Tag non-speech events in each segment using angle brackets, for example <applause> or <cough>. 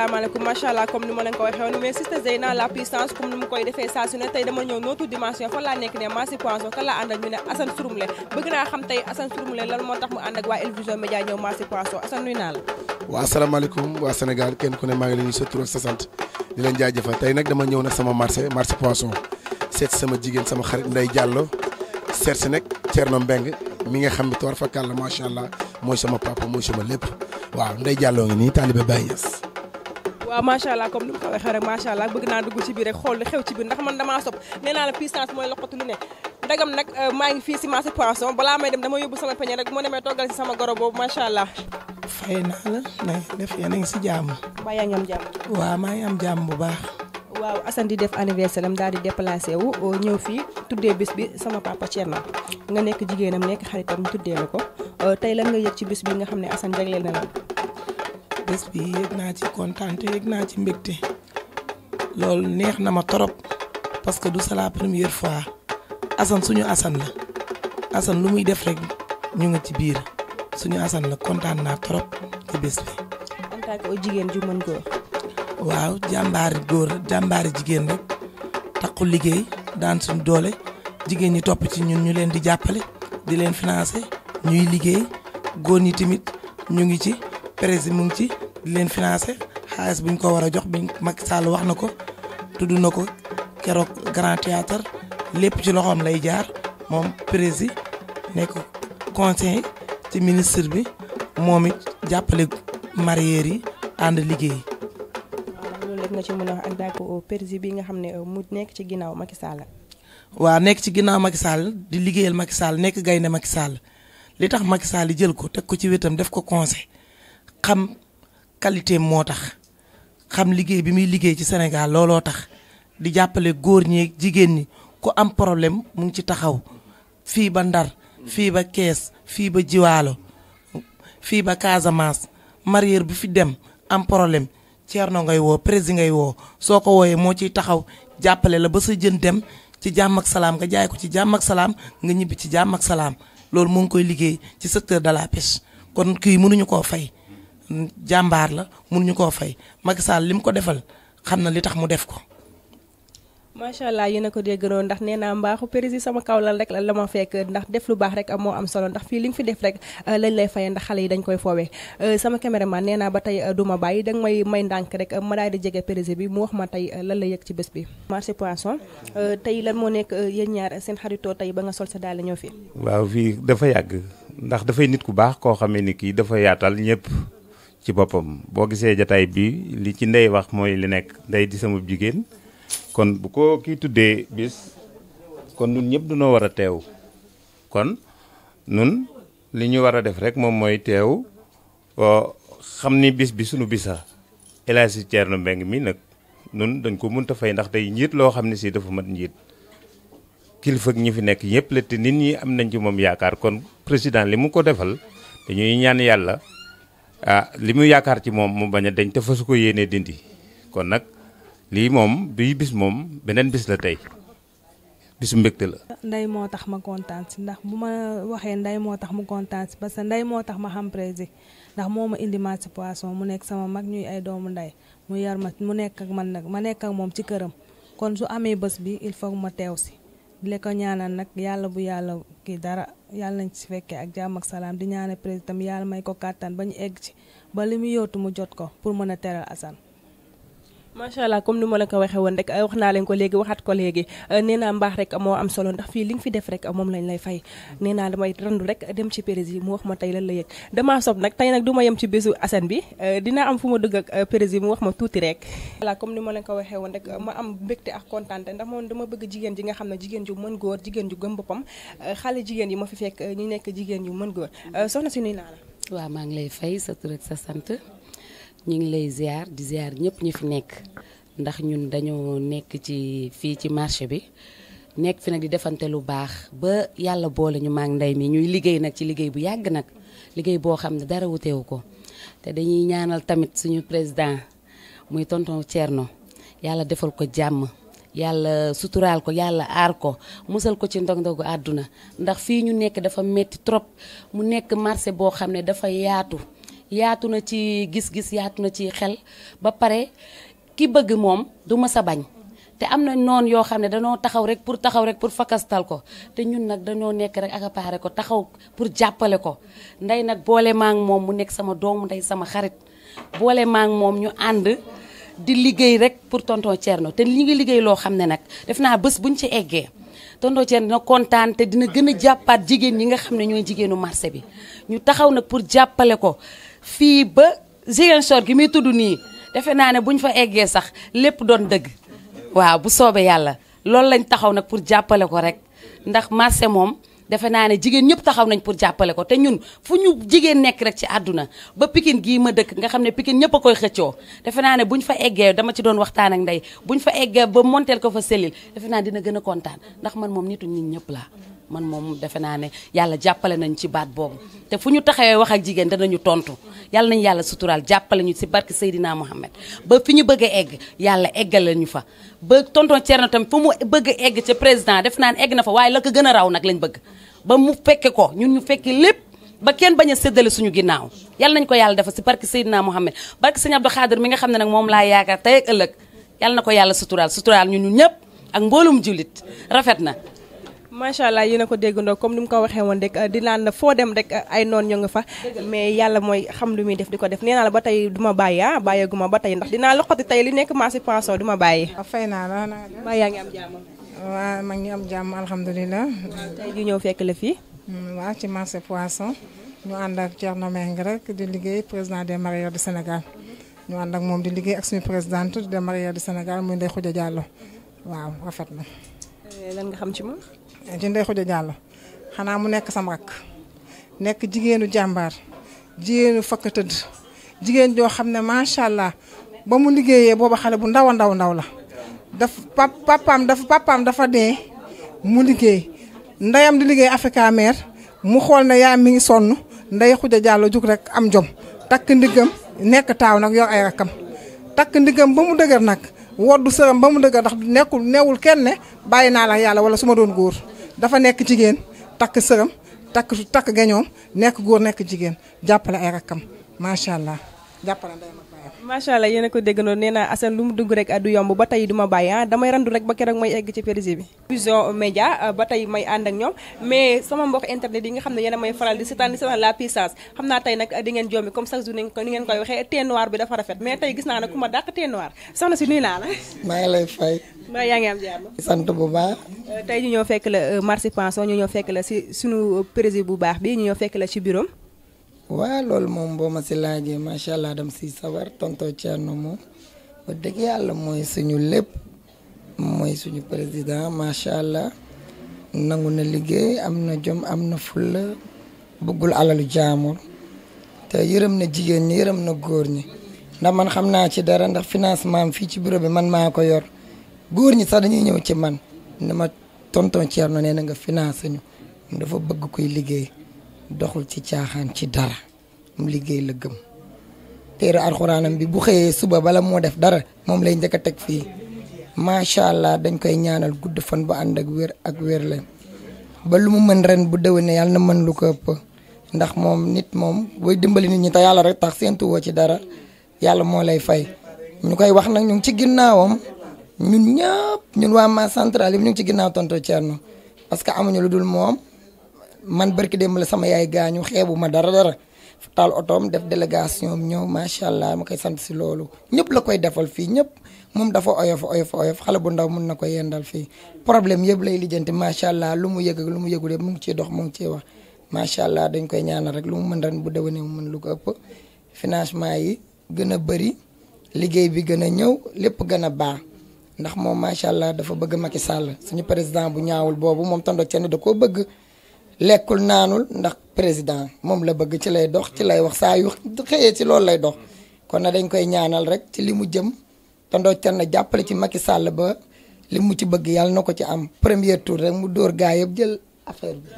asalaamaaleykum macha machallah comme ni ma leen ko waxe woon mais Sister zeina la puissance comme nous koy defé sa suné tay tey dama ñëw nootu dimension fan laa nekk ne Massi Poisson kala and ak ñu né Assane Souroumle bëgg na xam tay Assane Souroumle lan mo tax mu and ak wa El media Média ñëw Massi Poisson Assane nuyu naa la waa asalaamaaleykum waa Sénégal ken ku né maa ngi leen sa tur ak di leen jaajëfal tay nak dama ñëw nag sama marché marché Poisson seet sama jigen sama xarit Ndeye Diallo seet nak nag Thierno Mbengue mi nga xam ne toor fa kàll macha allah sama papa moy sama lepp waaw Ndeye Diallo ngi ni taalibe Baye waaw ah, macha allah comme ni ko waxee rek allah bëgg naa dugg ci biir rek xool li xew ci biir ndax man damaa sob nee la puissance mooy loqatu lu ne dagam nag ah, maa ngi fii si marché poisson balaa may dem dama sama rek sama goro allah. la na ngeen def yéen ngi si jàmm. mbaa yaa ngi am jàmm. ngi am bu baax. waaw di def anniversaire am daal di déplacé wu ñëw fii tuddee bis bi sama papa Thierno nga nekk jigéenam nekk xaritam tuddee la ko tey lan nga yëg ci bis bi nga xam ne jagleel na la. bés bi yëg naa ci kontaan te yëg naa ci mbégte loolu neex na ma torop parce que du c'est la première fois Assane suñu Assane la Assane lu muy def rek ñu ngi ci biir suñu Assane la kontaan naa torop ci bés bi. en tant que jigéen ju mën góor. waaw jàmbaari góor jàmbaari jigéen rek takku liggéey daan suñu doole jigéen ñi topp ci ñun ñu leen di jàppale di leen financé ñuy liggéey góor ñi tamit ñu ngi ci. yi mu ngi ci di leen financé xaalis bu ñu ko war a jox bi Macky Sall wax na ko tudd na ko keroog Grand Théâtre lépp ci loxoom lay jaar moom prési nekk conseil ci ministre bi moom it jàppale mareyeur yi ànd liggéey. loolu lépp ci mën a wax ak nga xam ne euh, mu nekk ci ginnaaw Macky Sall. waaw nekk ci ginnaaw Macky Sall di liggéeyal Macky Sall nekk gaynde Macky Sall li tax Macky Sall jël ko teg ko ci wetam def ko conseil xam. qualité moo tax xam liggéey bi muy liggéey ci Sénégal looloo tax di jàppale góor ñi jigéen ñi ku am problème mu ngi ci taxaw fii ba Ndar fii ba Kees fii ba Jiwaalo fii ba Casamance marière bu fi dem am problème Thierno ngay woo président ngay woo soo ko wooyee moo ciy taxaw jàppale la ba sa jën dem ci jàmm ak salaam nga jaay ko ci jàmm ak salaam nga ñibbi ci jàmm ak salaam loolu mu ngi koy liggéey ci secteur de la pêche kon kii mënuñu koo fay jàmbaar la mun ñu koo fay Macky Sall li mu ko defal xam na li tax mu def ko. macha allah yéen a ko déggandoo ndax nee naa mbaaxu président sama kaw lal rek la ma fekk ndax def lu baax rek moo am solo ndax fii li nga fi def rek euh, lañ lay fayee ndax xale yi dañ koy foowee euh, sama caméraman nee naa ba tey euh, duma bàyyi danga may may ndànk rek ma daal di jege périse bi mu wax ma tey lan la yëg ci bés bi. marché poisson tey lan moo nekk yéen ñaar seen xaritoo tey ba nga sol sa daal ñëw fi. waaw fii dafa yàgg ndax dafay nit ku baax koo xamee ni kii dafa yaatal ci boppam boo gisee jataay bi li ci ndey wax mooy li nekk ndey di sama jigéen kon bu ko kii tuddee bis kon nun ñëpp dunoo war a teew kon nun li ñu war a def rek moom mooy teew xam ni bis bi sunu bisa El Hadji Thierno Mbengue mi nag nun dañ ko mënta fay ndax tey njiit loo xam ne si dafa mat njiit kilifa ñi fi nekk yëpp la te nit ñi am nañ ci moom yaakaar kon président li mu ko defal dañuy ñaan yàlla ah li mu yaakaar ci moom mu bañ a dañ te fa su ko yéenee dindi kon nag lii moom bii bis moom beneen bis la tey bisu mbégte la. ndey moo tax ma kontaan si ndax bu ma waxee ndey moo tax mu kontaan parce que ndey moo tax ma xam prési ndax moo ma indi émancipation mu nekk sama mag ñuy ay doomu ndey mu yar ma mu nekk ak man nag ma nekk ak moom ci këram kon su amee bés bi il faut ma teew si di ko ñaanal nag yàlla bu yàlla kii dara. yàlla nañ ci fekkee ak jàmm ak salaam di ñaanal président yàlla may ko kàttan ba ñu egg ci ba li mu yootu mu jot ko pour mën a teral Assane macha allah comme ni ma la ko waxee woon rek euh, wax naa leen ko léegi waxaat ko léegi euh, nee mbaax rek moo am solo ndax fii li nga fi def rek moom lañ lay fay nee naa damay randu rek dem ci Pérési mu wax ma tey lan la yëg damaa sob nag tey nag du ma yem ci bésu Assane bi euh, dinaa am fu ma dugg ak Pérési mu wax ma tuuti rek voilà comme ni ma la ko waxee woon rek ma am mbégte ak kontaante ndax moom dama bëgg jigéen ji nga xam ne jigéen ju mën góor jigéen ju gëm boppam xale jigéen yi ma fi fekk ñu nekk jigéen yu mën góor soxna si nuyu naa la waaw maa ngi lay fay sa tur sa sant ñu ngi lay ziar di ziar ñëpp ñu fi nekk ndax ñun dañoo nekk ci fii ci marché bi nekk fi nag di defante lu baax ba yàlla boole ñu maag ndey mi ñuy liggéey nag ci liggéey bu yàgg nag liggéey boo xam ne dara wutewu ko te dañuy ñaanal tamit suñu président muy tonton Thierno yàlla defal ko jàmm yàlla suturaal ko yàlla aar ko musal ko ci ndog-ndogu àdduna ndax fii ñu nekk dafa metti trop mu nekk marché boo xam ne dafa yaatu yaatu na ci gis-gis yaatu na ci xel ba pare ki bëgg moom du mës a bañ te am na noon yoo xam ne dañoo taxaw rek pour taxaw rek pour fakastal ko te ñun nag dañoo nekk rek ak appaare ko taxaw pour jàppale ko ndey nag boole maa moom mu nekk sama doomu ndey sama xarit boole maa moom ñu ànd di liggéey rek pour tonton Thierno te li ngi liggéey loo xam ne nag def naa bés buñ ci eggee tonton Thierno dina kontaan te dina gën a jàppaat jigéen ñi nga xam ne ñooy jigéenu marché bi ñu taxaw nag pour jàppale ko fii ba Ziguinchor gi muy tudd nii defe naa ne bu ñu fa eggee sax lépp doon dëgg waaw bu soobee yàlla loolu lañ taxaw nag pour jàppale ko rek ndax marché moom defe naa ne jigéen ñëpp taxaw nañ pour jàppale ko te ñun fu ñu jigéen nekk rek ci àdduna ba Pikine gii ma dëkk nga xam ne Pikine ñëpp koy xëccoo defe naa ne bu ñu fa eggee dama ci doon waxtaan ak ndey bu ñu fa eggee ba monteel ko fa selil defe naa dina gën a kontaan ndax man moom nitu nit ñëpp laa man moom defe naa ne yàlla jàppale nañ ci baat boobu te fu ñu taxawee wax ak jigéen danañu tontu yàlla nañu yàlla suturaal jàppale ñu si barke Seydina Mohamed ba fi ñu bëgg a egg yàlla eggale ñu fa ba tonton Thierno tam fu mu bëgg a egg ca président def naa ne egg na fa waaye la gën raw nag lañ bëgg ba mu fekke ko ñun ñu fekke lépp ba kenn bañ a suñu ginnaaw yal nañ ko yàlla dafa si barke Seydina Mohamed barke sëñ Abdou Khadir mi nga xam ne nag moom laa yaakaar tey ak ëllëg yal ko yàlla suturaal suturaal ñu ñun ñëpp ak mboolum jullit rafet na macha allah yi a ko dégg déggandoo comme ni mu ko waxee woon rek di naan foo dem rek ay noon ñoo nga fa mais yàlla mooy xam lu muy def di ko def nee naa la ba tey duma bàyyi ah bàyyeeguma ba tey ndax dinaa loxoti tey li nekk maa si pension bàyyi ah, fay naa la mbaa yaa ngi am jàmm waaw maa ngi am jàmm alhamdulilah tey ñëw fekk la fii hmm, waaw ci marché poisson ñu ànd ak Thierno Meng rek di liggéey président des mareyeurs du Sénégal ñu ànd ak moom di liggéey ak suñu présidente de mareyeurs du Sénégal muy Ndeye Khoudia Diallo waaw rafet na eh, Eh, ci Ndeye Khoudia Diallo xanaa mu nekk sa rakk nekk jigéenu jàmbaar jigéenu fakk jigéen joo xam ne macha allah ba mu liggéeyee booba xale bu ndaw a ndaw ndaw la daf papaam dafa papaam dee mu liggéey ndeyam di liggéey Africa Mer mu xool ne yaa mi ngi sonn Ndeye Khoudia Diallo jug rek am jom takk ndiggam nekk taaw nag yor ay rakkam takk ndiggam ba mu dëgër nag woddu sëram ba mu dëgg ndax nekkul newul kenn ne bàyyi naa la yàlla wala su ma doon góor dafa nekk jigéen takk sëram takk takk gañoom nekk góor nekk jigéen jàppale ay rakkam macha allah jàppale ndey ma macha allah a ko déggandoo nee naa Assane lu mu dugg rek du yomb ba tey du ma bàyyi ah damay randu rek ba keroog may egg ci Périsie bi. Média ah, ba tey may ànd ak ñoom mais sama mbokk internet yi nga xam ne yéen a may xam naa tey nag di ngeen jombi comme chaque jour ni ngeen koy waxee thé noir bi dafa rafet mais tey gis fay. mbaa yaa ngi am sant bu baax. tey ñu ñoo fekk la euh, marché Panson ñu ñoo fekk la si sunu euh, Périsie bu baax bi ñu ñoo fekk la ci bureau waa loolu moom boo ma si laajee macha allah dam si sawar tonton Thierno moom ba dëgg yàlla mooy suñu lépp mooy suñu président macha allah nangu na liggéey am na jom am na fulla bëggul alalu jaamur te yërëm na jigéen ñi yërëm na góor ñi ndax man xam naa ci dara ndax financement fii ci bureau bi man maa ko yor góor ñi sax dañuy ñëw ci man ne ma tonton Thierno nee na nga financé ñu dafa bëgg koy liggéey. doxul ci tiaxan ci dara mu liggey le gem téere alquranam bi bu xeye suba bala mo def dara mom lay ndeka tek fi ma sha allah dañ koy ñaanal gudd fan bu and ak ak la ba lu mu mën ren bu déwénee yalla na mën lu ko ëpp ndax mom nit mom, way dimbali nit ñi ta yalla rek tax sentu wo ci dara yalla mo lay fay ñu koy wax nak ñu ci ginnawam ñun ñëpp ñun wa ma centrale ñu ci ginnaw tonto parce que amuñu mom man barki dem la sama yaay gañu xeebu ma dara dara taal autom def délégation ma sha allah ma koy sant ci lolu ñep la koy defal fi ñep mom dafa oyof oyof oyof xala bu ndaw mun na ko yendal fi problème yeb lay ma sha allah lu mu yegg ak lu mu yëgul yëpp mu ngi ci dox mu ngi ci wax sha allah dañ koy ñaanal rek lu mu mën dañ bu déwénee mu mën lu ko ëpp financement yi gëna bëri liggéey bi gëna ñew lepp gëna ba ndax mom ma sha allah dafa bëgg Macky Sall suñu président bu ñaawul boobu moom Tonton Dieng da ko bëgg. lekkul naanul ndax président moom la bëgg ci lay dox ci lay wax saa yu xëyee ci loolu lay dox kon na dañ koy ñaanal rek ci li mu jëm te ndooten na jàppale ci Macky sàll ba li mu ci bëgg yàlla na ko ci am premier tour rek mu dóor gaa yëpp jël affaire bi.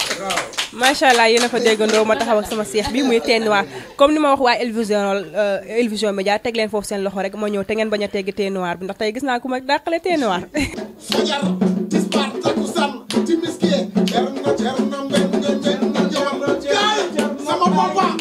<laughs> macha allah yéen a fa déggandoo ma taxaw ak sama seex bi muy Téenoir comme ni ma wax waa Elvision Elvision euh, Média teg leen foofu seen loxo rek ma ñëw te ngeen bañ a tegg Téenoir bi ndax tey gis naa ku ma dàqale Téenoir. <laughs> wah, wah,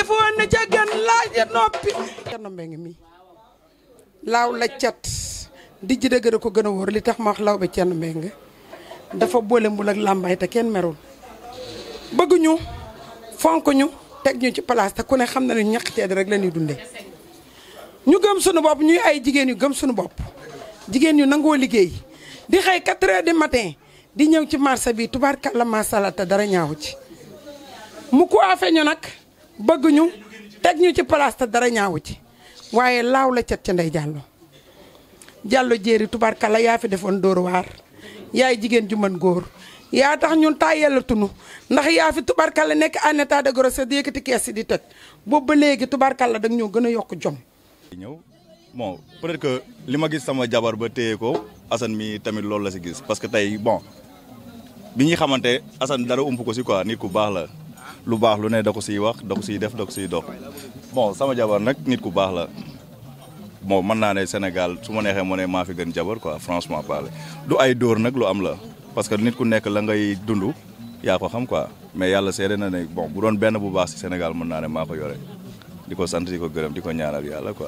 def woon na ca gan la cat dijj dëgg da ko gën a wóor li tax ma wax law ba mbeng dafa boole mbul ak làmbaay te kenn merul bëgguñu fonk ñu teg ñu ci place te ku ne xam na ne ñaq tedd rek la ñuy dundee ñu gëm sunu bopp ñuy ay jigéen yu gëm suñu bopp jigéen yu nangoo liggéey di xëy 4 matin di ñëw ci marché bii tubaarkalla macha allah te dara ñaawu ci mu ko ñu nag. bëgg ñu teg ñu ci place te dara ñaawu ci waaye laaw la cet ca ndey jàllo jàllo jéeri la yaa fi defoon dóor waar yaay jigéen ju mën góor yaa tax ñun taa yella tunu ndax yaa fi tubarkalla nekk en état de grossesse di yëkkati kees yi di teg boobu ba léegi la da ñoo gën a yokk jom ñëw bon peut que li ma gis sama jabar ba téye ko Assane mii tamit loolu la si gis parce que tey bon bi ñuy xamante Assane dara ump ko si quoi nit ku baax la lu baax lu ne da ko siy wax da ko siy def da ko siy dox bon sama jabar nag nit ku baax la bon mën naa ne Sénégal su ma neexee moo ne maa fi gën jabar quoi francement parler du ay dóor nag lu am la parce que nit ku nekk la ngay dund yaa ko xam quoi mais yàlla seede na ne bon bu doon benn bu baax si Sénégal mën naa ne maa ko yore di ko sant di ko gërëm di ko ñaanal yàlla ko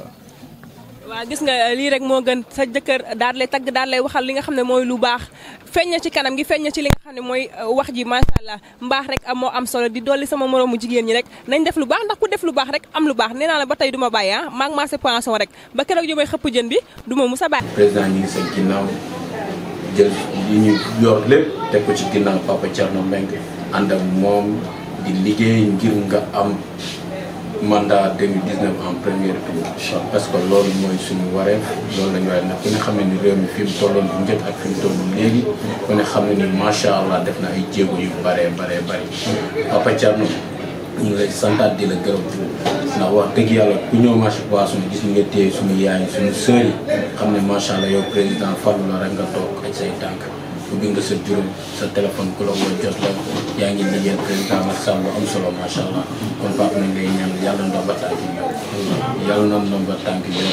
wa gis nga li rek mo gën sa jëkkeur daal lay tag daal lay waxal li nga xamne moy lu bax feñna ci kanam gi feñna ci li nga xamne moy euh, wax ji macha allah mbaax rek mo am solo di doli sama moromu jigen ñi rek nañ def lu bax ndax ku def lu bax rek am lu bax neena la ba tay duma bay ha ah maa ngi pension rek ba keroog ñu may xëpp jën bi duma musa bay président ñi ngi sa jël li ñu yor lepp tek ko ci ginnaw Papa Thierno meng ànd ak di liggéey ngir nga am mandat 2019 en première tour. parce que lool mooy suñu wareef loolu la ñu waaye nag ku ne xam ne ni réew mi fi mu tolloon bu ak fi mu toll léegi ku xam ne ni macha allah def na ay jéego yu bëree bëree bëri. Papa Thierno ñu ngi lay santaat di la gërëm ndax wax dëgg yàlla ku ñëw marché poisson gis nga téye suñu yaay suñu sœur yi xam ne macha allah yow président Fallou la rek nga toog ak say tànk. ubbi nga sa juróom sa téléphone ku la woo jot la yaa ngi liggéeyal président Macky Sall am solo macha allah kon Pape nañ lay ñaan. yàlla ndomba tànk yi yàlla noonu ndomba tànk yi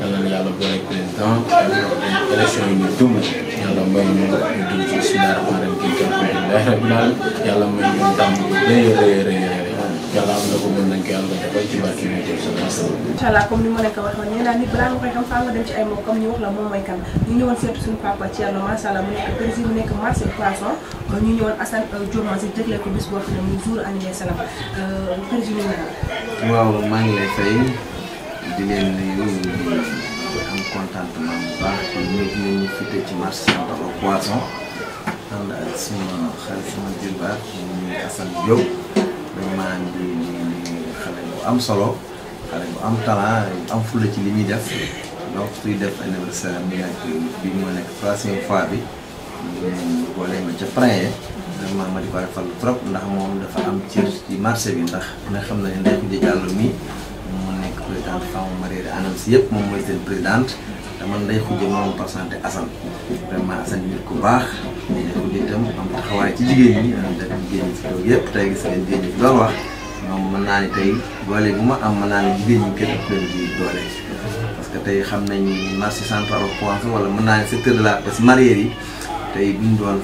yàlla na yàlla boole président élection yi ñu dum yàlla may ñu dum ci bismillah rahmaan rahim yàlla may ñu ndam bu rëy rëy rëy yàlla am comme ni ma leen ko waxee woon nee naa nit balaa nga koy xam faa nga dem ci ay moom comme ñu wax la moom mooy kan ñu ñëwoon seetu suñu papa Thierno macha allah mu nekk président nekk marché poisson ñu ñëwoon Assane euh, Diop ma si jëgle ko am euh, président ñu naan. waaw maa di baax di nuyu di leen dañu maanaam di xale bu am solo xale bu am talent am fulla ci li muy def donc suy def anniversaire am nekk bi moo nekk troisième fois bi ñu mu ma ca Praye vraiment ma di ko defal trop ndax moom dafa am cër ci marché bi ndax nga xam ne Ndeye Khoudia Diallo mii mu nekk présidente femme mariée ANAMS yëpp moom mooy seen présidente man day xujje moom par santé Assane vraiment Assane ku baax day xujje itam am taxawaay ci jigéen ñi da jigéen ñi si toog yëpp tey mën naa ne jigéen ñi kenn ëpp leen di doole parce que tey xam nañ marché central au poisson wala mën naa ne la pêche yi tey bu ñu doon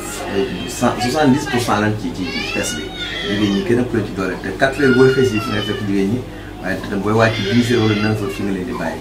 soixante dix pour cent lañ ci ci ci pêche bi jigéen ñi kenn ëpp leen ci doole te quatre heures jigéen ñi waaye te booy wàcc dix heures wala neuf heures fi nga leen di bàyyi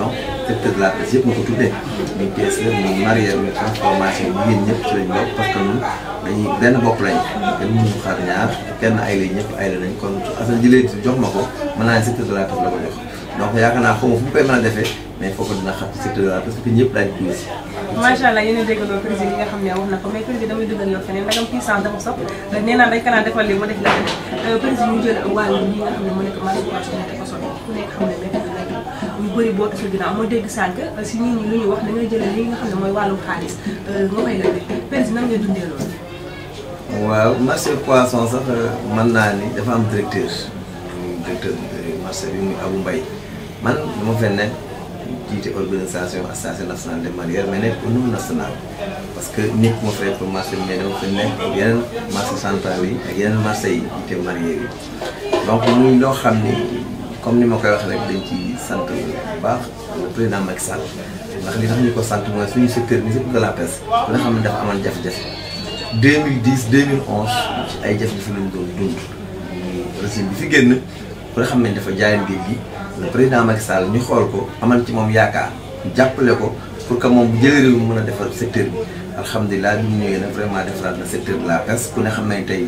donc secteur de la pêche yëpp nga ko tuddee. muy pièce la muy mareyeur muy transformation jigéen ñëpp ci lañ bokk parce que ñun dañuy benn bopp lañ. kenn mënuñu xar ñaar kenn ay la ñëpp ay la nañ kon Assane jëlee jox ma ko mën naa ne secteur de la pêche la ko jox. donc yaakaar naa xaw ma fu mu koy mën a defee mais foofu dina xam ci secteur de la pêche parce que ñëpp daañu puus. macha allah yéen a déggandoo président yi nga xam ne wax na ko mais président damay dugal yow feneen ndagam puissance dafa sopp nee naa day kanaan defal lii mu def la euh, président ñu jël wàll ñi nga xam ne mu nekk maraichage bi nekk ko solo ku nekk xam ne bëri boo tasul ginnaaw moo dégg sànq euh, si nit ñi lu ñuy wax da ngay jëlee li nga xam ne mooy wàllum xaalis euh, nga koy defee président nan ngay dundee loolu. waaw marché poisson sax euh, man naa ni dafa am directeur directeur marché bi muy Abou Mbaye man dama fay nekk jiite organisation association nationale des mareyeurs mais nekk au niveau national parce que nit moo fay marché bi mais dama fay ak yeneen marché central yi ak yeneen marché yi jiite mareyeurs yi donc muy loo xam ni. comme ni ma koy waxee rek dañ ci sant bu baax président Macky Sall ndax li tax ñu ko sant mooy suñu secteur musique de la presse ku ne xam ne dafa amoon jafe-jafe 2010 ay jafe-jafe lañ doon dund bi fi génn ku xam ne dafa jaayan géej gi le président Macky Sall ñu xool ko amal ci moom yaakaar jàppale ko pour que moom bu jëlee réew mën a defar secteur bi alhamdulilah mu ñëwee nag vraiment defaraat na secteur la presse ku xam ne tey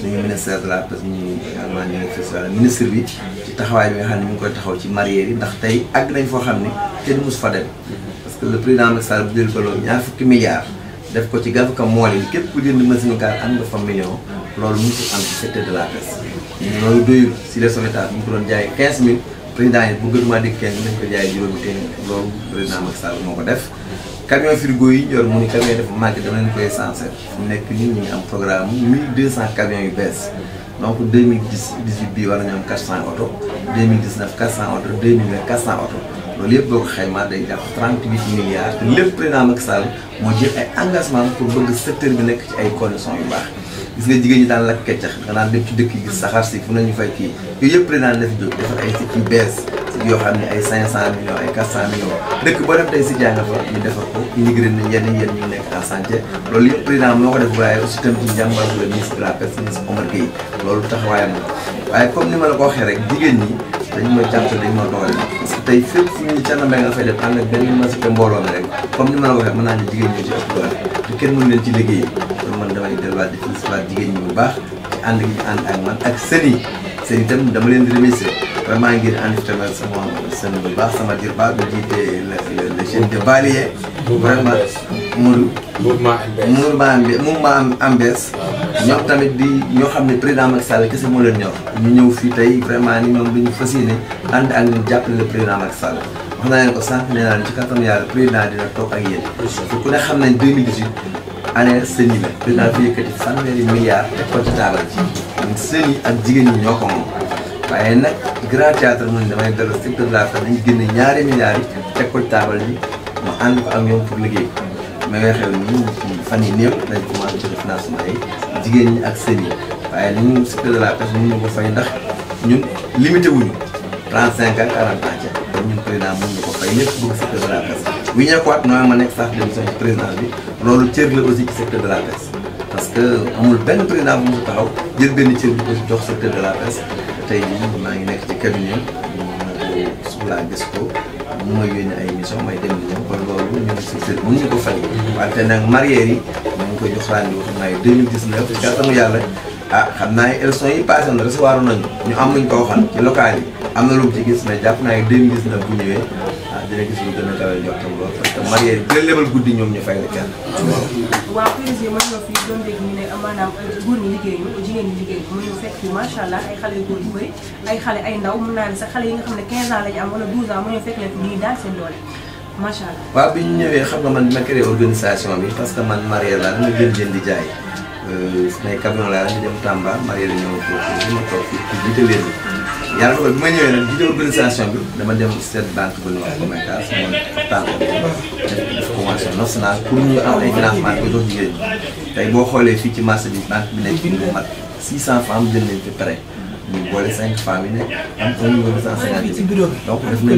suñu ministère de la presse ñu ngi vraiment ñu ngi ministre bi taxawaay bi nga xam ngi koy taxaw ci mareyeur yi ndax tey àgg nañ foo xam ne kenn mos fa dem. parce que le président Macky Sall bu jël ko loolu ñaar fukki milliards. def yi képp ku jënd machine car am nga fa million. loolu ci secteur de la pêche. si les sauveteurs ñu ko doon jaayee 15000 président yi bu gouvernement di kenn nañ ko moo ko def. camion frigo yi ñor mu ni camion dafa màgg dama leen koy sensé. mu nekk nit ñi am programme 1200 camions yu bees. donc deux 2018 bii war nañu am 400 oto 2019 400 oto 2020 400 oto loolu yëpp boo ko xaymaa day jàpp 38 milliards te lépp président Macky Sall moo jël ay engagement pour bëgg secteur bi nekk ci ay conditions yu baax gis nga jigéen ñi daan lakk keccax nga dem ci dëkk yi gis saxaar si fu nañu fay kii yooyu yëpp président na fi jóg defar ay sites yu bees Yohani, xam ne ay 500 millions ay 400 millions dëkk boo def tey si jaay fa ñu defar ko immigré nañ yenn yéen ñu nekk en chantier loolu yëpp président moo def waaye aussi tam ci njàmbaar la ministre la pêche Omar Gueye loolu taxawaayam la comme ni ma la ko waxee rek jigéen ñi dañu ma jàpp dañu ma doole parce que tey fépp fu ñu canna mbay nga def ak benn rek comme ni ma la ci doole kenn mënu leen ci liggéey man damay di bu baax ci gi ak man ak dama leen di remercier vraiment ngir ànd tamit sama seen bu baax sama jër baax bu jiite le jeune de Baliye. vraiment mu. mouvement Ambès mouvement Ambès. ñoom tamit di ñoo xam ne président Macky Sall kese moo leen ñor. ñu ñëw fii tey vraiment ni ñoom dañu fas yéene ànd ak ñun jàppale le président Macky Sall. wax naa leen ko sànq nee naa leen ci kattanu yàlla président dina toog ak yéen. pour ku ne xam nañ 2018 année sëñ yi la. président fi yëkkati fanweeri milliards teg ko ci taabal ji. sëñ yi ak jigéen ñi ñoo ko moom. waaye nag grand théâtre mu ne damay dellu secteur de la sax dañu génne ñaari milliards teg ko taabal ji mu ànd ko ak ñoom pour liggéey mais ngay xew ni fan yi néew dañ jigéen ñi ak seen yi waaye li ñu secteur ko fay ndax ñun limité wuñu trente ak quarante ans ca kon ñun président mën ñu ko fay ñëpp bëgg secteur de la pêche wi ñekkuwaat naa ma nekk sax démission ci présidence bi loolu cër la aussi secteur de la pêche parce que amul benn président bu mu taxaw jël benn cër jox tey jii maa ngi nekk ci cabinet bu soxlaa gis ko mu may yónni ay mission may dem ñoom kon loolu ñu ngi si kër mënuñu ko nag marières yi maa ngi koy jox rendez-vous xam naa 2019 ci kàttanu yàlla ah xam naa élection yi passé na recevoir nañu ñu am luñ ko waxal ci local yi am na lu ci gis na jàpp naa ne 2019 bu ñëwee. dina gis lu gën a kawe njort lool parce que marié bi la lebal guddi ñoom ñu fay la kenn. waaw président man ñoo fi doon dégg ñu ne maanaam euh, góor ñi liggéey ñu jigéen ñi liggéey ñu ñu fekk macha allah ay xale yu góor yu bëri ay xale ay ndaw mun naa ne sax xale yi nga xam ne 15 ans lañu am wala 12 ans mu ñoo fekk leen fi ñuy daal seen doole macha allah. waaw bi ñu ñëwee xam nga man dina créé organisation bi parce que man marié laa dama gën jën di jaay. su euh, may camion laa dama dem Tamba marié la ñëw foofu ma toog fii jiite leen yàlla dogal ma ñëwee nag di organisation bi dama dem seet banque ba Louga Commercial moom ko def convention nationale pour ñu am ay financement ko jox jigéen ñi tey boo xoolee fii ci marché bi banque bi nekk fii mu mat 600 femmes jël nañ fi prêt ñu boole 5 femmes yi nekk am 1 million nañ ko Mbour def ñu ngi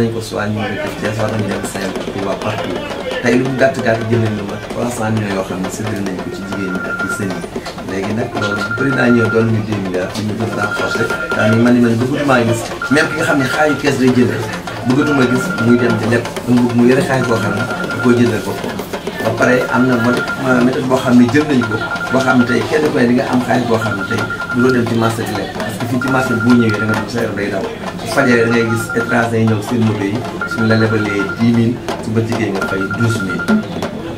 def Thiès nañu dem Saint-Louis Touba partout tey lu mu gàtt gàtt jëlee na ma 300 millions yoo xam ne séddale nañ ko ci jigéen ñi ak ci sëñ yi léegi nag loolu bu président ñëw doon ñu 2 milliards ñu gën a renforcé daa ni man ni man bëggatuma gis même ki nga xam ne xaayu kees lay jëndee bëggatuma gis muy dem di lekk mu yore xaay koo xam ne da koo jëndal ko ba pare am na mën méthode boo xam ne jël nañu ko boo xam ne tey kenn ku ne nga am xaalis boo xam ne tey du dem ci marché bi lekk parce que fii ci marché bi boo su fajaree da gis étranger yi ñëw seen moto yi suñu la lebalee dix mille su ba jigéen nga fay douze mille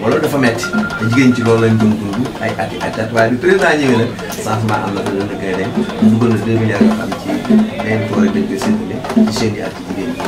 wala dafa metti te jigéen ci loolu lañ doon dund ay at yi at at waaye bi président ñëwee nag changement am na ko doon na koy dem dugal na deux milliards yoo xam ci dañ ko war a déggee séddale ci seen i at ci jigéen ñi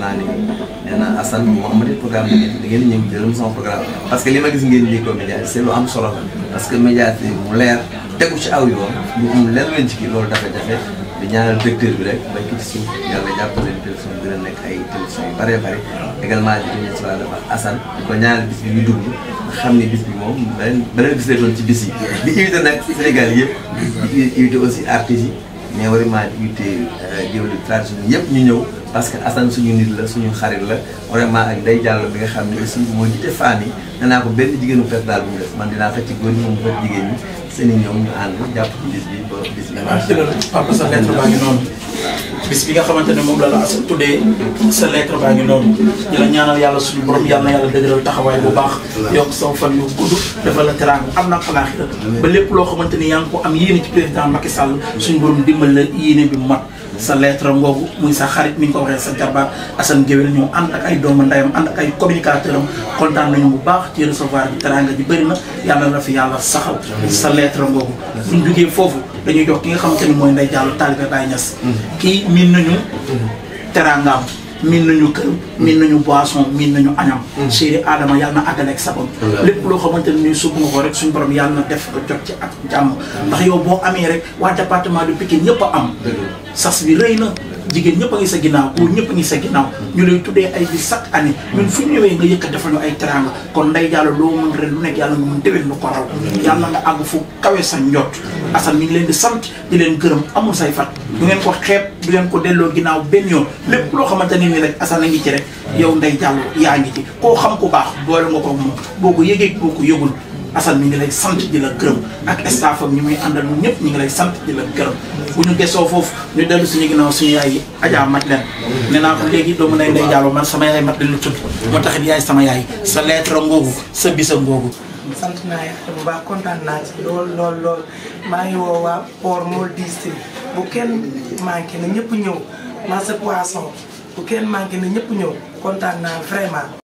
naa ne nee naa Assane Mouhamadou programme bi ngeen di ngeen ñëw sama programme parce que li ma gis ngeen ñi ko média c'est lu am solo la parce que média bi mu leer tegu ci aw yoon ñu am lenn leen ci kii loolu dafa jafe di ñaanal directeur bi rek bay ki ci suuf yàlla jàppaleen télévision gën a nekk ay télévision yu bare bare également di ñëw ci wàllu Assane di ko ñaanal xam ne bis bi moom beneen beneen bis lay doon ci bis yi di invité nag Sénégal yëpp di invité aussi artistes yi mais vraiment di invité euh, yëpp ñu ñëw parce que Assane suñu nit la suñu xarit la vraiment ak Ndeye Diallo bi nga xam ne aussi moo jiite femmes yi nee naa ko benn bi ba bis bi. Ah, bi nga xamante ne moom la la as tuddee sa lettre baa ngi noonu. di la ñaanal yàlla suñu borom yàlla na yàlla dëgëral taxawaay bu baax. yokk sa fan yu gudd. dafa la teraanga am na palaaxira ba lépp loo xamante ni yaa ngi ko am yéene ci président Macky Sall. suñu borom dimbal la yéene bi mat sa lettre ngoogu muy sa xarit ni ñu ko waxee sa jabar Assane Guéwél ñoo ànd ak ay doomu ndeyam ànd ak ay communicateur am kontaan nañu bu baax ci recevoir bi teranga ji bëri na yàlla na fi yàlla saxal sa lettre ngoogu buñ jugee foofu dañuy jox ki nga xamante ni mooy Ndeye Diallo taalibe Baye Niass mm. kii miin nañu terangaam miin nañu kër miin nañu boisson miin nañu añam mm. chéri Adama yàlla na àggaleeg sabam mm. lépp loo xamante ne nii sub nga ko rek suñu borom yàlla na def nga jot ci ak jàmm mm. ndax yow boo amee rek waa département de Pikine ñëpp a am sas bi rëy na jigéen ñëpp a ngi sa ginnaaw góor ñëpp a sa ginnaaw ñu lay tuddee ay bis chaque année ñun fu ñu ñëwee nga yëkkat defal ñu ay teranga kon nday jàll loo mën ren lu nekk yàlla nga mën déwén lu ko raw yàlla nga àgg fu sa mi ngi leen di sant di leen gërëm amul say fat du ngeen ko xeet du leen ko delloo ginnaaw benn yoon lépp loo xamante ne ni rek asan a ngi ci rek yow nday jàll yaa ngi ci koo xam ku baax boole nga ko moom boo ko yëgee boo ko yëgul Assane mi ngi lay sant di la gërëm ak staffam ñi muy àndal ñëpp ñu ngi lay sant di la gërëm bu ñu gesoo foofu ñu dellu suñu ginnaaw suñu yaay yi Adja mat leen nee naa ko léegi doomu nay a jàlloo man sama yaay mat leen lu tudd moo taxit yaay sama yaay sa lettre ngoogu sa bisa ngoogu sant naa yàlla bu baax kontaan naa ci lool lool lool maa ngi woo waa Port Maul district bu kenn manqué na ñëpp ñëw marché poisson bu kenn manqué na ñëpp ñëw kontaan naa vraiment